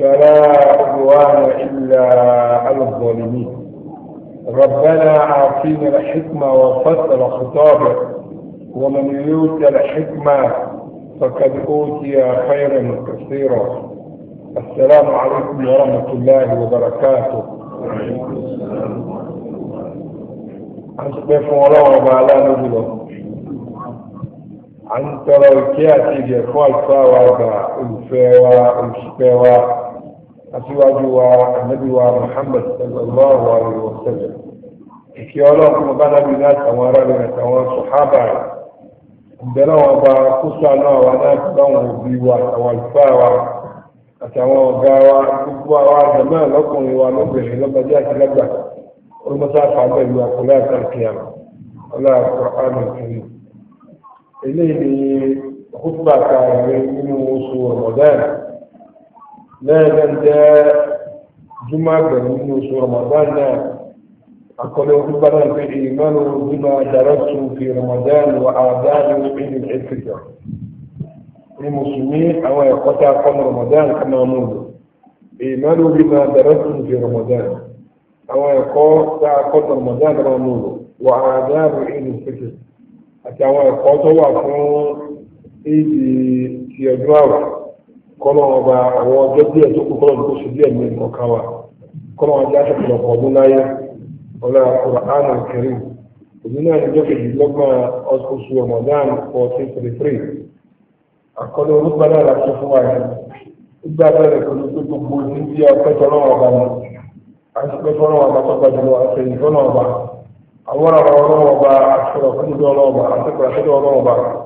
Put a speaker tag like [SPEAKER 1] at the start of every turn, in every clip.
[SPEAKER 1] فلا عدوان إلا على الظالمين ربنا أعطينا الحكمة وفصل خطابك ومن يؤت الحكمة فقد أوتي خيرا كثيرا السلام عليكم ورحمة الله وبركاته أصبحوا الله وبعلا نجلس à ń tọrọ ìké àti ìjẹ̀fọ́ àlùfáà wa aṣíwájú wa ànábì wa Muhammad sallallahu alayhi wa sallam ìkí ọlọ́run ọba nábì náà tàwọn ará rẹ̀ tàwọn sọ̀hábà rẹ̀ ìbẹ̀rẹ̀ wọn bá kóso àná wa náà ti bá wọn òbí wa àtàwọn àlùfáà wa àtàwọn ọ̀gá wa gbogbo àwọn àjàmọ́ lọ́kùnrin wa lóbìnrin lọ́gbàdé àti lọ́gbà olùmọ́sá àfàbẹ̀ ìlú àkọlẹ́ àtàkìyà ọlọ́àkọ́ àmì kìíní eléyìí ni kútùbà kààrẹ̀ nínú oṣù Ramadan lẹ́ẹ̀kan jẹ́ júmọ́ àgbẹ̀rún nínú oṣù Ramadan náà akọlẹ̀ ojú bá náà pé ìmánu bímọ dàrọ́tù fi Ramadan wà àdáni ìlú ẹ̀kẹ́kẹ́ ní mùsùlùmí àwọn ẹ̀kọ́ tá a kọ́ Ramadan kan náà mú lò ìmánu bímọ dàrọ́tù fi Ramadan àwọn ẹ̀kọ́ tá a kọ́ Ramadan mú lò wà ẹ̀kẹ́kẹ́ àti àwọn ẹ̀kọ́ tó wà fún ìdí kọ́nà ọba àwọn ọjọ́ díẹ̀ tó kù kọ́nà tó ṣe díẹ̀ ní wa kọ́nà ọjọ́ aṣọ́pọ̀lọpọ̀ ọdún láyé ọlá Al-Qur'an Al-Karim òní náà ní ọjọ́ kejìlélọ́gbọ̀n oṣù Ramadan fourteen thirty three àkọlé orúkọ náà la sọ fún wa yìí nígbà bẹ́ẹ̀ pẹ̀lú pé gbogbo ní bí apẹ́tọ́ náà wà báyìí àìsíkẹ́tọ́ náà wà bá tọ́gbà jùlọ àtẹ̀yìnfọ́ náà wà àwọn àwọn ọlọ́wọ́ bá àṣọ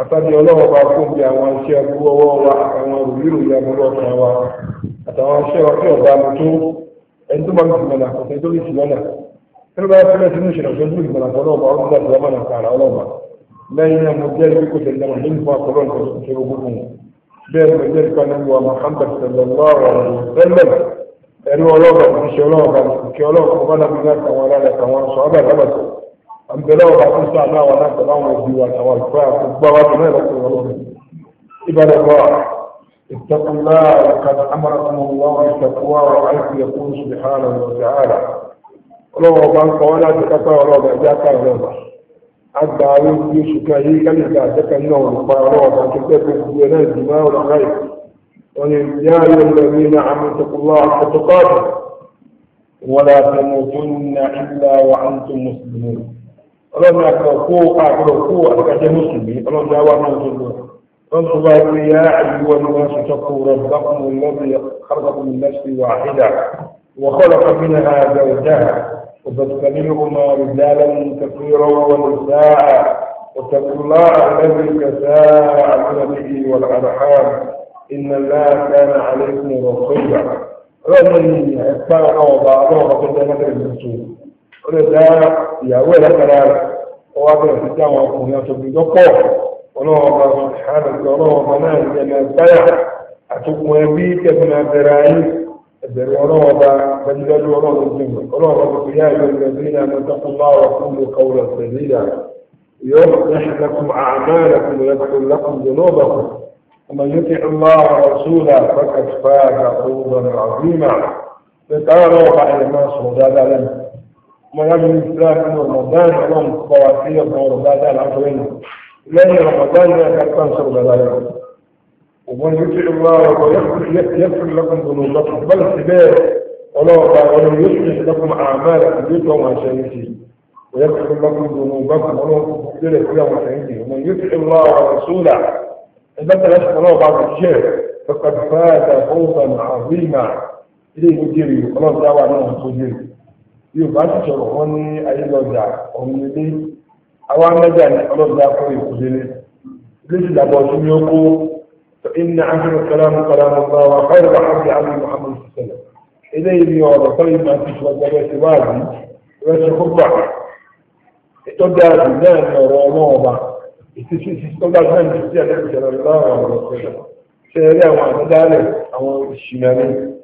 [SPEAKER 1] àtàbí ọlọ́wọ́ bá kó bí àwọn iṣẹ́ ẹkú ọwọ́ wa àtàwọn òwúrò ìyàmúlò ọ̀kan wa àtàwọn iṣẹ́ ọtí ọ̀gá mi tó ẹni tó bá mi tìmọ̀nà àkọsẹ́ tó lè tìmọ̀nà nínú bá fẹ́rẹ̀ sínú ìṣẹ̀lẹ̀ tó lè tìmọ̀nà àkọlọ́ ọba ọdún láti ọmọ náà kàrà ọlọ́ba lẹ́yìn náà mo jẹ́ ìwé kò tẹ̀lé náà lẹ́yìn fún àkọlọ́ nǹkan tó ṣe gbogbo wọn bẹ́ẹ̀ mo jẹ́ ìpa nínú wa Muhammad sallallahu alaihi wasallam ẹ̀rí ọlọ́ba ìṣẹ́ ọlọ́ba ìṣẹ́ ọlọ́ba ọba náà bí wọ́n kàwọn ará rẹ̀ kàwọn sọ àǹbẹ̀lẹ̀ ọ̀rọ̀ àkóso àná àwọn alágbàlá àwọn òbí wa àwọn àgbà àkógbá wa tó mẹ́rin ọ̀pọ̀ ọ̀rọ̀ rẹ̀ ìbàdàn bá اتقوا الله وقد امركم الله بالتقوى وعلم يقول سبحانه وتعالى ọlọ́wọ́ bá ń kọ́ wọ́n láti kápá ọlọ́ọ̀bẹ̀ àjáká ìrọ̀bà àgbà àwọn ibi oṣù kan yìí kálíkà àjẹ́kà náà olùpa ọlọ́ọ̀bà tó pẹ́ pé gbogbo ẹ̀rọ ìdìmọ́ ọlọ́ọ̀bà yìí wọ́n ni yá yóò lọ ní iná àmì ìtọ́kùnlọ́ àkọ́tọ́kọ́ọ̀tù wọ́n láti mú fún ní ilá wa ń tún mùsùlùmí ọlọ́run àkọ́kọ́ àkọ́kọ́ àkàjẹ́ mùsùlùmí ọlọ́run àwọn náà tó lọ wọ́n tó bá rí yá àyíwọ́ ní wọ́n sọ́tọ́ kó rẹ̀ bákùn lọ́bí kárọ̀kùn lẹ́sí wà áhídà وخلق منها زوجها وبث منهما رجالا كثيرا ونساء واتقوا الله الذي تساءلون به والارحام ان الله كان عليكم رقيبا رجل يتبع وضع له وقد نزل الرسول ó lè dá ìyàwó ẹ̀ látara rẹ̀ ó wá bẹ̀rẹ̀ sí àwọn ọkùnrin àtòkùnrin tó pọ̀ ọlọ́wọ́ ọba ṣáàdùkú ọlọ́wọ́ ọba náà ní ẹ̀mẹ̀ báyà àtòkùn ẹbí kẹfì náà bẹ̀rẹ̀ ayé ẹ̀bẹ̀rẹ̀ ọlọ́wọ́ ọba gbẹdúgbẹdú ọlọ́wọ́ ọdún ọlọ́wọ́ ọba kò yá ìlú ìgbẹ̀dúgbẹ̀ náà mọ́tàkùnlá ọ̀rọ̀ قولا سديدا يصلح لكم أعمالكم ويغفر لكم ذنوبكم ومن يطع الله ورسوله فقد فاز فوزا عظيما فتعالوا على ما صدى لنا mọ̀lẹ́bí islam ní ramadan wọn kọ́ wa sí ọ̀pọ̀ ọ̀rọ̀ dáadáa aláàbọ̀rẹ́ nù lẹ́yìn ramadan náà kápẹ́ sọ̀rọ̀ dáadáa rẹ̀ ògbọ́n yóò ṣe wá ọ̀rọ̀ yẹ́sùn lọ́kùn gbòòrò lọ́kùn bọ́lá sí bẹ́ẹ̀ ọlọ́ọ̀bá ọ̀rọ̀ yóò ṣe lọ́kùn àmàlà ìlú tó wọn ṣe ń ṣe ويغفر لكم ذنوبكم ولو ومن يطع الله ورسوله البتة لا تقرأ بعض الشيء فقد فات فوزا عظيما إليه مجري وخلاص دعوة yorùbá ti sọ̀rọ̀ wọ́n ní ayélujára ọ̀nìyàn àwọn amẹ́jà ní ọlọ́dà fún ìkúdélé lẹ́sì dàbọ̀ sí ní ókó إن آخر الكلام كلام الله وخير الحمد على محمد صلى الله عليه وسلم إليه يورو طيب ما تشوى جبهة وادي بس خطبة ìtọ́jà àdúgbò ẹ̀mí ọ̀rọ̀ náà ní ìṣẹ́ àdébìsẹ̀rẹ̀ láwọn ọ̀rọ̀ ṣẹlẹ̀ ṣẹlẹ̀ àwọn àdádálẹ̀ àwọn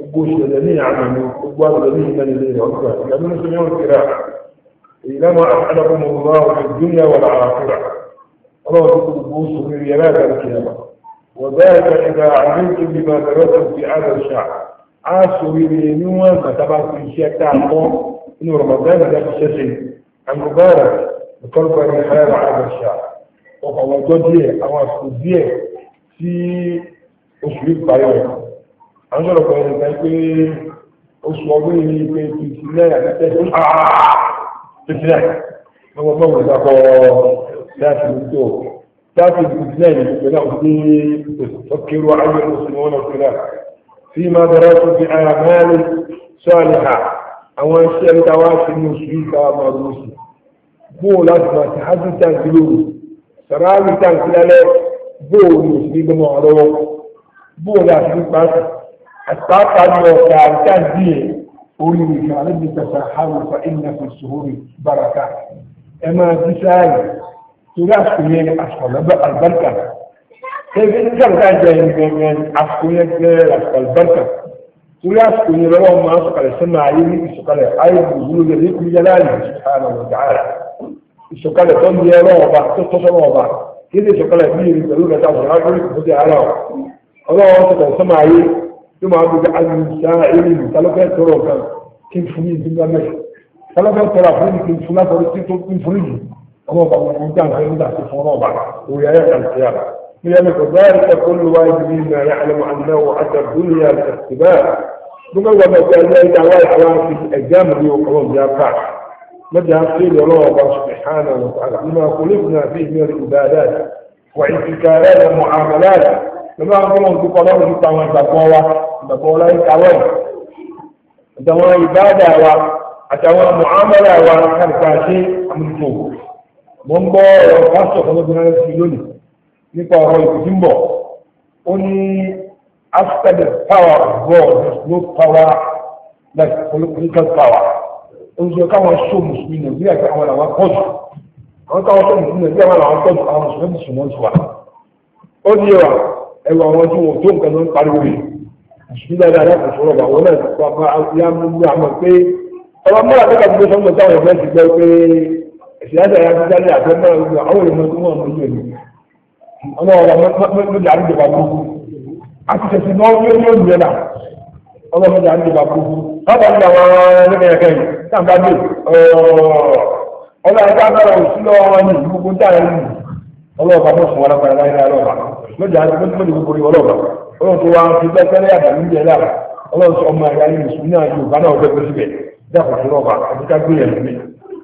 [SPEAKER 1] وقوش الذين عملوا وقوال الذين من الذين أكبر لأنهم سمعوا القراءة إنما أسألكم الله في الدنيا والآخرة الله يقول قوس في ريالات الكلمة وذلك إذا علمتم بما درستم في هذا الشعب عاشوا بينهما فتبعتم الشيء تعلمون إن رمضان ذاك الشيء المبارك وقلب الرحال هذا الشعب وقوى جديه أو أسكت في أسلوب طيب ọ̀sọ̀rọ̀pọ̀ ẹ̀rùkẹ́ pé oṣù ọgbọ́n yìí pé ti sílẹ̀ àtẹ́tẹ́ tó ti sílẹ̀ lọ́wọ́ bọ́ọ̀lù ìdákọ̀ láti ní tó láti ní sílẹ̀ ní ìpínlẹ̀ òkú ọkẹ́rù ayé oṣù wọn ọ̀sẹ̀lẹ̀ tí máa bẹ̀rẹ̀ tó fi ara mẹ́rin sọ́ọ̀lì ha àwọn iṣẹ́ ń tawá sí ní oṣù yìí káwá máa lọ sí bóò láti máa ti hájú táǹkì lóru sàráàlì táǹkì lálẹ́ bóò ní oṣù yìí gbọ́mọ̀ ọ̀rọ̀ bóò láti ní pàṣẹ حتى قال لو كان كذي أريد كان فإن في السهور بركة أما بسال تلاش كمين أصلا البركة كيف إن كان كان من أصلا البركة تلاش كمين لو ما أصلا سمع يمي سقلا أي بزول ذيك جلاله سبحانه وتعالى سقلا تم يا رب تصل رب كذا سقلا فيه يقولون تعالى رجل بدي على الله الله سبحانه tí wọ́n á gbé alùsá erin tálọ́fẹ́ tọrọ kan kí n fún mi ìdí ńlá mẹ́rin tálọ́fẹ́ tọrọ àfún mi kí n fún látọrọ tí tó ń fún yìí ọmọ ọba wọn ń dàn fún ìdá sí fún ọba òrì ayé kan sí ara ní ẹni kò bá ẹni kò kólú wáyé ní ìgbà yà àlọ́ àlọ́ àti àdúnyà àti bá gbogbo ọgbà bẹ̀rẹ̀ ẹgbẹ́ ẹgbẹ́ àwọn àwọn àti ẹgbẹ́ àmì ọkọ̀ ọ̀gbìn apá مدى قيل الله سبحانه وتعالى لما خلقنا فيه من العبادات واعتكالات ومعاملات pẹ̀lú àwọn tó lọ́n dúpọ̀ lọ́rùn nípa àwọn ìgbàgbọ́ wa ìgbàgbọ́ wa láyé kawọ́ ẹ̀ àtàwọn ìbáàdà wa àtàwọn mùámàlà wa kàlùkà ṣe àmúlùtò mo ń gbọ́ ọ̀rọ̀ pásítọ̀ kan lóbi náà sí lónìí nípa ọ̀rọ̀ ìkùtì ń bọ̀ ó ní after the power of God there is no power like political power ó ń sọ káwọn ṣó mùsùlùmí nàìjíríà kí àwọn làwọn pọ̀ jù àwọn káwọn ṣó mùsùlùmí nàìjíríà wọn làwọn pọ̀ jù àwọn mùsùlùmí mùsùlùmí wọn ti wà ó ní ẹwà ẹwà àwọn tí wọn tó nǹkan ló ń pariwo yìí ìṣúná dáadáa kò sọ̀rọ̀ bá wọn náà ti ya máa yá mú pé ọba múra tó kàdúgbò sọ́mọ táwọn ẹ̀fẹ́ ti pé ti dálé àwọn èèyàn tó ni ọmọ ọba àti náà ó yóò náà ọmọ mẹ́jọ àti mẹ́jọ gbogbo rí ọlọ́ọ̀bà ọlọ́run tó wá ń fi bẹ́sẹ̀rẹ́ àgbà ní ilẹ̀ lára ọlọ́run sọ ọmọ ẹ̀yà yìí sùn náà yóò bá náà fẹ́ pẹ́ síbẹ̀ dàpọ̀ sí ọba àti ká gbé ẹ̀mí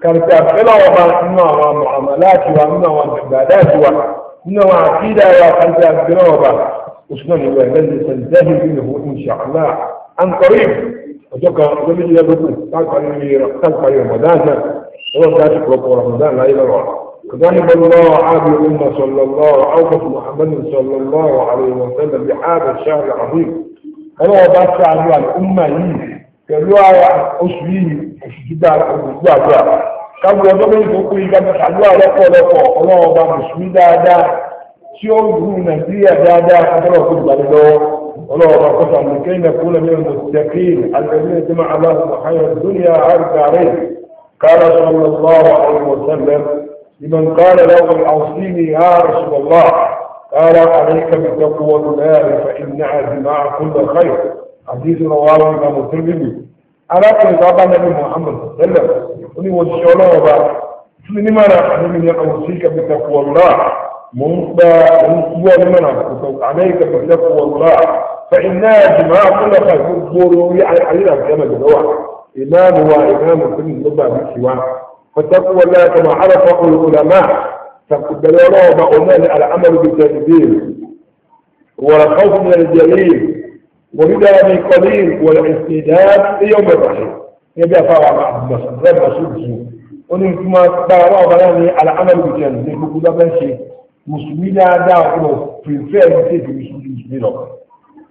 [SPEAKER 1] kàrìkà fẹ́lá ọba nínú àwọn àmọ̀ láti wa nínú àwọn àgbàdá àti wa nínú àwọn àkídà wa kàrìkà fẹ́lá ọba oṣù náà nìyẹn ẹgbẹ́ ní sẹ́ńtẹ́ẹ̀lì bí mi fún ìṣàkólá àǹkọ̀rí ọjọ́ kan ọjọ́ méjì lẹ́gbẹ̀kù táàkì parí Ramadan náà ọlọ́run táàkì pọ̀lọpọ̀ Ramadan láyé lọ́rọ̀ ذنب الله عابل أمة صلى الله عليه عوضة محمد صلى الله عليه وسلم بحاد الشهر العظيم هل هو بس عن الأمة ليه كلها أسليه أسجد على أسجد على كم يضم يتوقي كم يتحدوا على أقوى لأقوى الله بان بسمي دادا سيوم دون نهدية دادا أترى كل بلدو الله بان قصة من كين يكون من المستقيم الذين يتمع الله سبحانه الدنيا عارف عليه قال صلى الله عليه وسلم لمن قال له العظيمي يا رسول الله قال عليك بتقوى الله فإن عزماء كل خير حديث رواه الإمام الترمذي على كل طبعا النبي محمد صلى الله عليه وسلم ومن من من يقوصيك بتقوى الله مُنْبا هو لمن عليك بتقوى الله فإن جماعة كل خير يقول على علينا الجمل الواحد إمام هو إمام كل طبعا بالسواح فاتقوا الله كما عرفه العلماء فقدروا الله مؤمن على عمل بالتدبير والخوف من الجليل وبدا بالقليل والاستداد يوم الرحيم يبقى فاوى مع الناس رب سبسه ونحن ثم تبارى بلاني على عمل بالتدبير لكي يقول بشي مسلمين داخل في الفعل كيف مسلمين مسلمين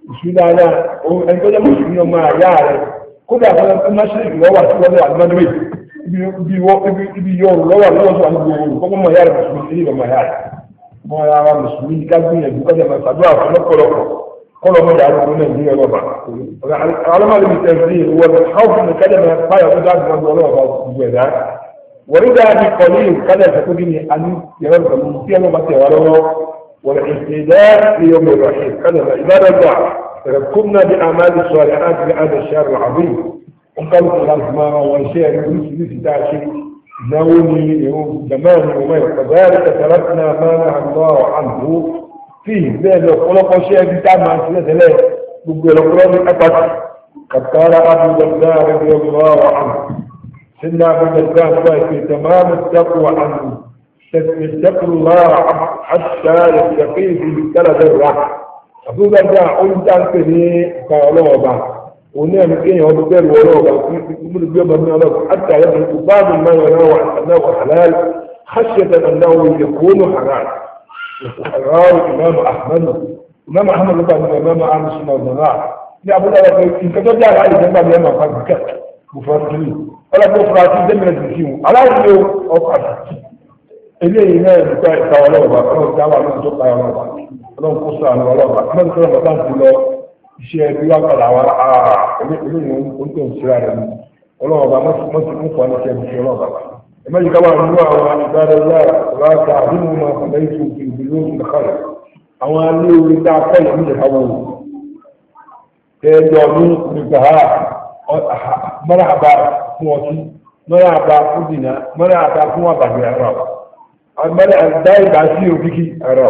[SPEAKER 1] مسلمين أنا أقول مسلمين ما يعرف كل أفضل المشرك وهو أسوأ المنوي ibi wọ ibi ibi yọrù lọ́wọ́ lọ́wọ́ sọ àwọn gbogbo olùkọ́ mọ̀ yára mùsùlùmí ní ìbọn yára mọ̀ yára mùsùlùmí ní kágbìyànjú kájà máa ṣàdúrà fún lọ́pọ̀lọpọ̀ kọ́lọ̀ mọ̀ yàrá fún nàìjíríà lọ́ba. alámàlú mi tẹ̀ sí ìwọ káwọn mi kájà máa báyọ̀ tó dáa fún ọgbọ́n lọ́wọ́ gbogbo ẹ̀dá. wọ́n rí dáa ní kọ́lé kájà ìṣàkó bí ni a ní yàrá pẹ̀lú tí wọ́n bá tẹ̀ wá lọ́wọ́ wọ́n ìṣèdáàbí يوم الرحيل kájà máa ìbára gbà ركبنا بأعمال الصالحات لهذا الشهر العظيم ọkọlùkù láti máa wọ iṣẹ́ rẹ̀ oríṣiríṣi tá a ṣe ìnáwó ni èrò jàmáà ni òun ẹ̀ pàdánù kẹtàrà tí náà máa ń hàn lọ́wọ́ àlùkò tí bẹ́ẹ̀ lọ ọ̀pọ̀lọpọ̀ ṣe ẹbí tá a máa ti lẹ́tẹ̀lẹ́ gbogbo ẹ̀lọ́pọ̀lọ́ ní apáti kàtàrà abúgbàgbà rẹ̀ lọ́wọ́ àmì sínú abúgbàgbà fún ẹ̀fẹ̀ tẹ̀máàmù tẹ́kù àmì tẹ̀sí tẹ́kù lọ́wọ́ àṣà ìṣẹ̀fẹ̀ ìlú tẹ́lẹ̀ rà abúgbàgbà ó ń dáńpẹ̀ ní ìpàwọ́lọ́wọ́ bá ونعم كيه ومدار وراء يقول بيوم من الله حتى يدرك بعض ما يراه أنه حلال خشية أنه يكون حرام حرام الامام أحمد الامام أحمد عنه الامام إمام أهل الجماعه يا يعبد الله إن كتب جعل علي جماعة الإمام فاكك مفاترين ولا مفاترين دم يدركيه على اليوم أوقع إليه ما يبقى إتوالوبا أنا أتوالوبا أنا أتوالوبا أنا أتوالوبا أنا أتوالوبا أنا أتوالوبا iṣẹ́ ẹbí wá padà wá olóyìn oúnjẹ òṣèré rẹ̀ ni ọlọ́ọ̀bá mọ́sùlùmọ́ ní ṣe ìṣẹ́ ọlọ́ọ̀bá ẹ̀mẹ́jì káwà nínú àwọn ìgbàdọ̀lá ọ̀làkà àdínú máa fọ̀dá ètò ìgbì lóṣù nàkàlẹ̀ àwọn alẹ́ orí tá a fẹ́ ìlú ìjọba wò tẹ́jọ́ ní nìgbàhá mọ́ra àbá fún ọtí mọ́ra àbá fún dìnnà mọ́ra àbá fún àbàgbé ara wa àbá ìgbà sí òkìkí ara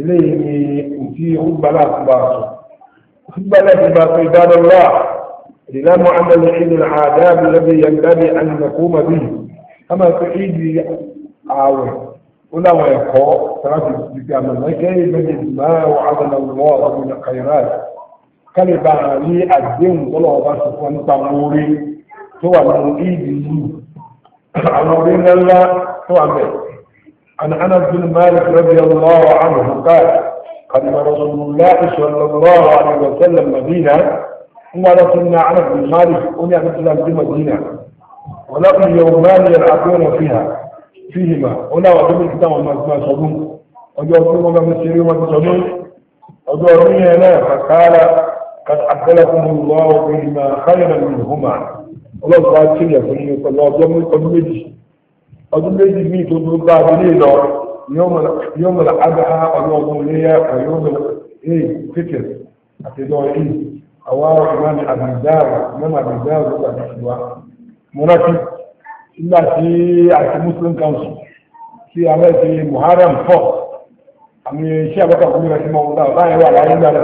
[SPEAKER 1] eléyìí ni òtí ọgbàlá àtúbàtò ọgbàlá àtúbàtò ìdádọ́lá ìdílá muhammed ìdíl àdáàbí lẹ́bí yẹndábí ànàkóma bí kama tó ìdí ààwẹ̀ ó láwọn ẹ̀kọ́ tàbí ìgbà mọ̀lẹ́kẹ́ ìbẹ̀rẹ̀ ìgbàlá wà ádàlá wọ́ ọ̀gbìn kàìrà kálí bá a rí àdéhùn tọ́lọ̀ ọba عن أنس بن مالك رضي الله عنه قال قدم رسول الله صلى الله عليه وسلم مدينة وما سنة أنس بن مالك أمي أنس في مدينة ولقي يومان يلعبون فيها فيهما هنا وقدم الكتاب وما صدوم ọjọ́ tí wọ́n bá fi ṣeré wọn ti sọdún ọjọ́ orí yẹn الله kàkàrà àgbẹ̀lẹ̀kùnrin الله ìgbìmọ̀ káyọ̀ الله ìhùmà ọlọ́pàá الله ìyẹ̀fún الله ni ọjọ́ ọdún méjì ní ìtòkù bá a nílé lọ yóò mọ̀lá agbára ọlọ́ọ̀dún léyà yóò mọ̀lá èyí pété àti lọ èyí àwọn ọ̀gbọ́n ní àbàdáàrà mẹ́mà àbàdáàrà ló gbà sí wa. mo rántí nígbà tí àti muslim council tí àwọn ti muharram fọ àmì iṣẹ́ àbọ̀kà fún mi rẹ̀ sí mọ́ ọ̀gá ọ̀gá yẹn láyé dára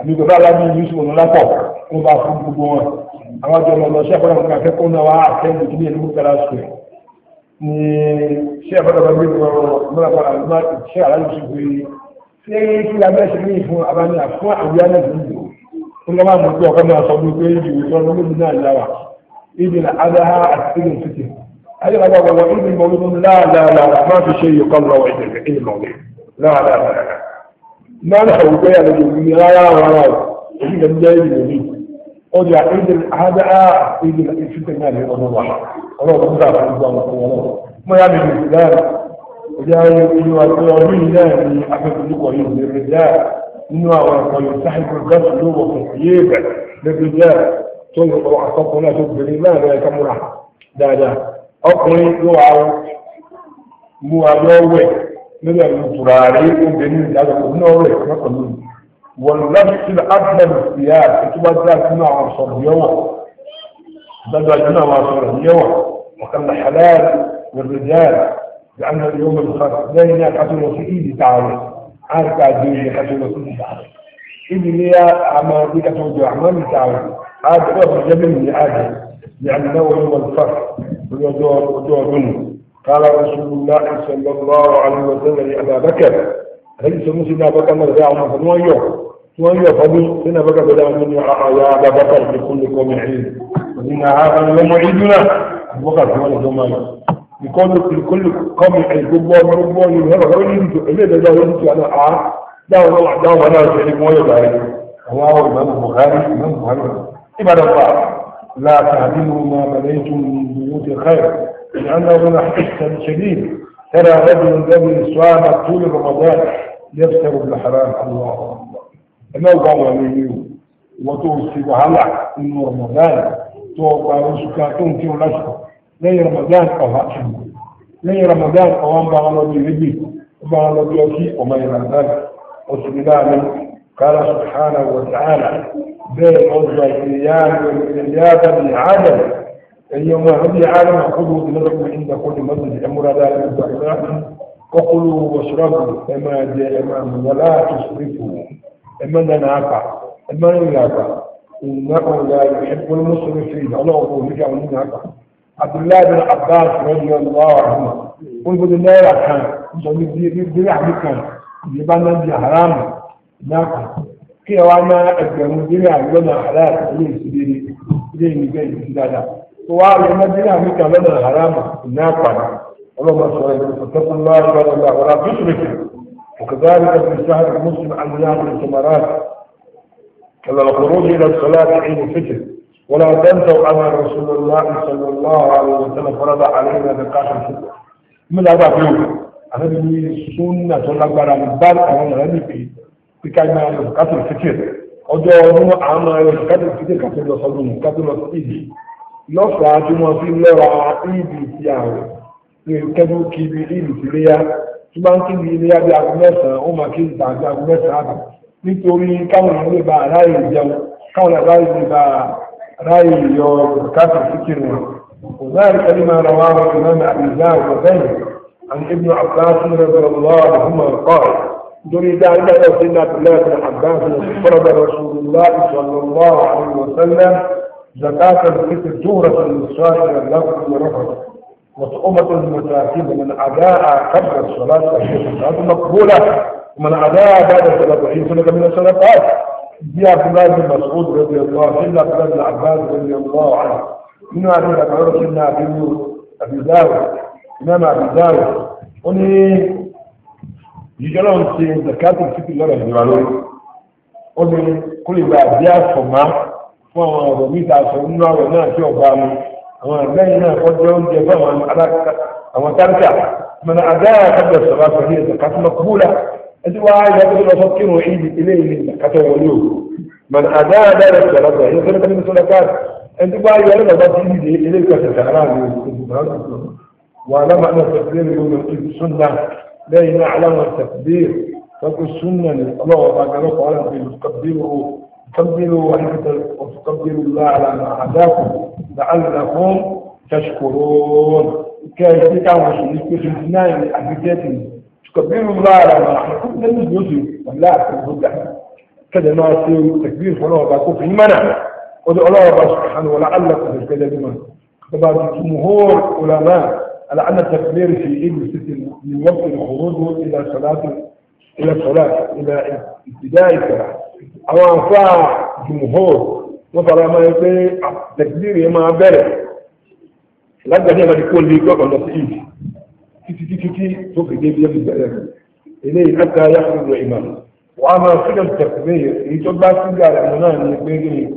[SPEAKER 1] àmì bàbá aláàbí yusuf ọ̀nà lápọ̀ wọ́n bá fún gbogbo wọn àwọn àjọ ọmọ ṣe àbọ̀dà kan fẹ́ kóná wa àtẹ́wò tí ní ẹlẹ́mú kẹlá sùn ní ṣe àbọ̀dà kan gbé lọ lọ́la kan àlùmá ṣe àlàyé sí pé ṣé kí la mẹ́sẹ̀ ní ìfún abáníà fún àwùyá náà tó ń lò ó lọ́wọ́ àmọ́ pé ọ̀kan náà sọ fún pé ìwé tó ń lóbi náà yá wa ìdí na adáhà àti ìdí fìtì ayé bàbá wọn wọn ìdí mọ̀lúmọ̀ láàlàlà má fi ṣe ìkọ́ lọ́wọ́ ìdí ọjà ìdìl àádá ìdìl ìfìtẹ̀ náà ní ọdún wa ọlọ́run ń dàbí gbogbo àwọn ọmọ wọn mọ ya mi lè dáa ọjà ìlú àti ọdún yìí náà ní afẹ́fẹ́lúkọ yìí lè rí dáa nínú àwọn ẹ̀kọ́ yìí sáhìkù gáàsì ló wọ̀ fún yé bẹ̀ lè rí dáa tó yẹ kọ́ àkọ́kọ́ náà tó gbèrè láàrin ẹ̀ka múra dáadáa ọkùnrin ló wà á mú adọ́ wẹ̀ nígbà tó tura واللبس الأدنى بالثياب كتب ذات نوع عرصر يوم بدأ نوع عرصر يوم وكان حلال للرجال لأن اليوم الخمس لا هناك حتى الوسيئي تعالى عارف تعديل حتى الوسيئي تعالى إذن هي أما بك توجه أعمال تعالى هذا هو الجميل لآدم لأنه هو الفرق وجوه منه قال رسول الله صلى الله عليه وسلم لأبا بكر ليس مسلم أبا بكر مرضى عمر فنوى يوم وأن يفهموا سنة بقى بدا من آه، آه، يا أبا بكر بكل قوم عيد وإن هذا اليوم عيدنا بكر كمان زمان يكون لكل قوم عيد الله ربنا يهرب رجل إليه ده يمشي على عاد آه. ده والله ده وانا شريك مويه بعيد رواه الإمام البخاري الإمام البخاري عباد الله لا تعلموا ما بنيتم من بيوت الخير لأنه من حس شديد ترى رجل قبل صام طول رمضان يفسر بالحرام الله ẹlẹ́gbà wà lórí o wọ́n tó ṣe wàhálà nínú Ramadan tó ọgbà oṣù kan tó ń kí wọn lásìkò lẹ́yìn Ramadan ọ̀há ti mú lẹ́yìn Ramadan ọ̀há ń bá wọn lọ́dún ìrẹ́gbẹ̀ ó ọmọ Ramadan oṣù ní láàrin kára sùhánà wọ̀tàánà bẹ́ẹ̀ ọgbà ìyá أيما ربي عالم خذوا بنظركم عند كل مسجد أمر ذلك الدعاء وكلوا واشربوا كما ولا تسرفوا ẹ̀mọ́dà náà pa ẹ̀mọ́dà إنه لا يحب المسرفين الله أقول لك أن هذا عبد الله بن عباس رضي الله عنه قل بدي الله يرحم يقول لي دي دي يحبك يبان دي حرام ناك كي وانا اجمع دي لنا حلال ليه سيدي ليه نجي سيدنا سؤال لما دي يحبك لنا حرام ناك الله ما شاء الله فتقوا الله ولا تشركوا وكذلك في سهر المسلم عن مناهج الثمرات كما الخروج الى الصلاه عيد الفجر ولا تنسوا ان رسول الله صلى الله عليه وسلم فرض علينا نقاش الفطر من هذا في هذه السنه الأكبر عن بعض أهل في كان يعرف قتل الفطر أو دوروا عن يعرف قتل الفطر قتل الصدوم قتل الصيد نصف عشر مواسم لا رعيب فيها كانوا كبيرين في ليه tí bá ń kí ní ilé abẹ́ aago mẹ́sàn-án ó máa kí ní tàbí aago mẹ́sàn-án àbọ̀ nítorí káwọn èèyàn lè bá ráàyè jẹun káwọn àráyè lè bá ráàyè yọ bùkátà síkìrì wọn وذلك لما رواه الإمام أبي زاهر وغيره عن ابن عباس رضي الله عنهما قال دري دائما سيدنا عبد الله بن عباس فرض رسول الله صلى الله عليه وسلم زكاة الفطر جورة للصائم لفظ ورفض وتؤمة المساكين من أداء قبل الصلاة فهي مقبولة ومن أداء بعد الصلاة فهي سنة من الصدقات دي عبد الله بن مسعود رضي الله عنه إلا عبد الله بن عباس رضي الله عنه من أبي بكر سيدنا أبي أبي داود إمام أبي داود وني يجلون في زكاة الفطر لنا يجمعون وني كل ما أبيع فما فما وميت عشر من أول ناس يوم àwọn àgbẹ̀yìn náà wọ́n jẹ́ oúnjẹ fún àwọn táríkà mọ̀nà àdáyà kábíyà sọ̀rọ̀ àfẹ́rí ìzàká tó mọ̀kúlà ẹtí wá yà tó lọ sọ kírun ìdí ilé ìlú ìzàká tó wọlé o mọ̀nà àdáyà dára sọ̀rọ̀ àfẹ́rí ìzàká tó mọ̀kúlà sọ̀rọ̀ káàdì ẹtí wá yà lọ́dọ̀ bá ti ìdí ilé ìkọ̀sẹ̀ sàrà ní وعلم أن التكبير يوم السنة لا يعلم التكبير فكل سنة الله وبارك قال في تقبلوا تقبلوا وتقبلوا الله على ما عداكم لعلكم تشكرون كيف تتعوى شيء في الجنان أحبتاتي تكبروا الله على ما أحبكم لن يجوزوا ولا أحبكم كذا ما يصير تكبير فلوه باكو في المنع ودعوا الله سبحانه ولعلكم تشكرون طبعا الجمهور علماء على أن التكبير في عيد الست من وقت الخروج إلى صلاة إلى صلاة إلى ابتداء الصلاة أو أنفع جمهور وطالما يقول تكبير ما بر لا غني ما يكون لي كوكو نفس ايدي تي تي تي تي فوق دي بيو بي الي حتى يخرج امام واما في التكبير يتوب بس قال انا اني بيجي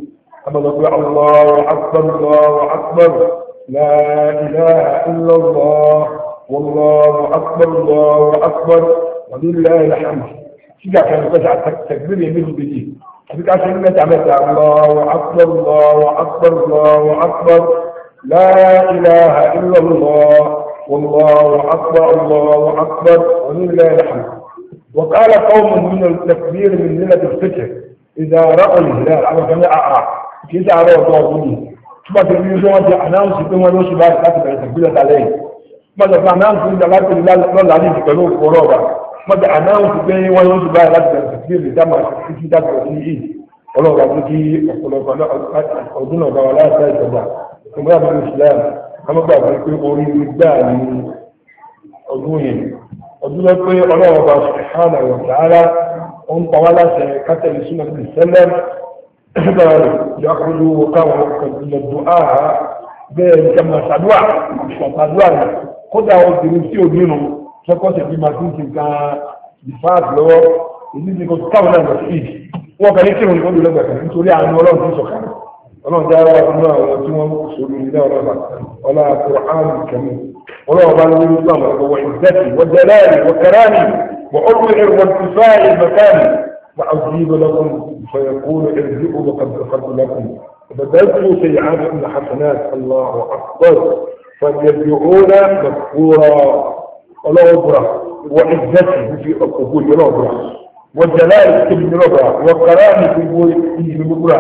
[SPEAKER 1] اما نقول الله اكبر الله اكبر لا اله الا الله والله اكبر الله اكبر ولله الحمد شجع كان يتجع التكبير يمين بيجي àbíká إنك mẹ́ta الله Allahu الله Allahu الله Allahu لا إله إلا الله والله أكبر الله أكبر ولله الحمد وقال قوم من التكبير من ليلة الفجر إذا رأوا الهلال على جميع كيف رأوا الضوء ثم تبين لهم أن أنام سيكون ولو شباب لا تبين تكبيرة عليه ثم تبين أنام سيكون لا تبين لا تبين لك تبين wọ́n ti anáwọ̀sì pé wọ́n yóò ti báyìí láti bẹ̀rẹ̀ sí èdè dámà títí dàgbà sí yìí ọlọ́run àti kí ọ̀pọ̀lọpọ̀ ọdún náà bá wà láti ìjọba ìgbà àbúrò Islam amọ́gbà àbúrò pé orí gbà ní ọdún yẹn ọdún lọ pé ọlọ́run bá sùhánà wọ̀ sáárá ó ń pa wá láti kátẹ́lì súnmọ́ sí sẹ́lẹ̀ nígbà rẹ̀ yọkùnrin owó káwọn kọ̀ọ̀tún lọ bẹ́ẹ̀ ní kẹ́mọ̀ sàdúà kódà obìnrin tí ò sọ́kọ́sẹ̀ bí máa tún ti kan ìfáàdì lọ́wọ́ èyí ti kò káwọn náà lọ sí ìdí wọ́n kàn ní kírun ní kóńdó lọ́gbà kan nítorí àánú ọlọ́run tó sọ̀kan ọlọ́run jẹ́ àwọn ọmọ àwọn tí wọ́n sọ̀rọ̀ nílẹ̀ ọlọ́run ọlá kùránì kẹmí ọlọ́run bá lórí nípa àwọn ọmọ ìdẹ́tì wọ́n jẹ́ láàyè wọ́n kẹrání wọ́n ọdún ẹ̀rọ wọn ti fẹ́ ìmọ̀kánì wọ́n àjíyébọ̀ lọ́kùn fẹ̀yẹ̀kúrò ẹ̀rọ ìdíkùn lọ́kùn فبدلوا سيئاتهم لحسنات الله اكبر فليبدؤون مكفورا ọlọ́wọ́ búra wọ ìgbẹ́sì fífi ọkọ̀ bó yọ lọ́wọ́ búra wọ jẹ̀lá ìkébi yọ lọ́wọ́ búra wọ kàrá mi fi wo iyì mi búra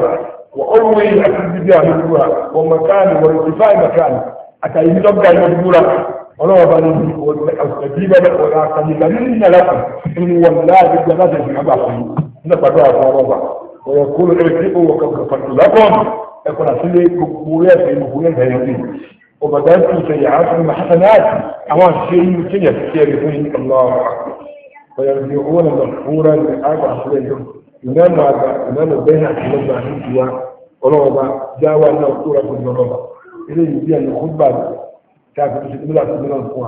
[SPEAKER 1] wọ ọlọ́wọ́ yìí àti bíbí àmì búra wọ makaani wọ ìfá makaani àtàyè ní dọ́gba yọ búra ọlọ́wọ́ bá ní wọ ìgbẹ́sì bẹ́ẹ̀ wọ àkàlì nínú ìyàrá ní wọn láàbí gbẹ́lá tẹ̀sí àbá وبدأت سيئاتهم المحسنات أمان شيء كي يعرفون الله ويرجعون مغفورا لآب أحسنهم إنما إنما بين أحسنهم هجوة ونوضا جاوى أنه سورة النظرة إليه يجي أن الخطبة كافر سيدنا الله سبحانه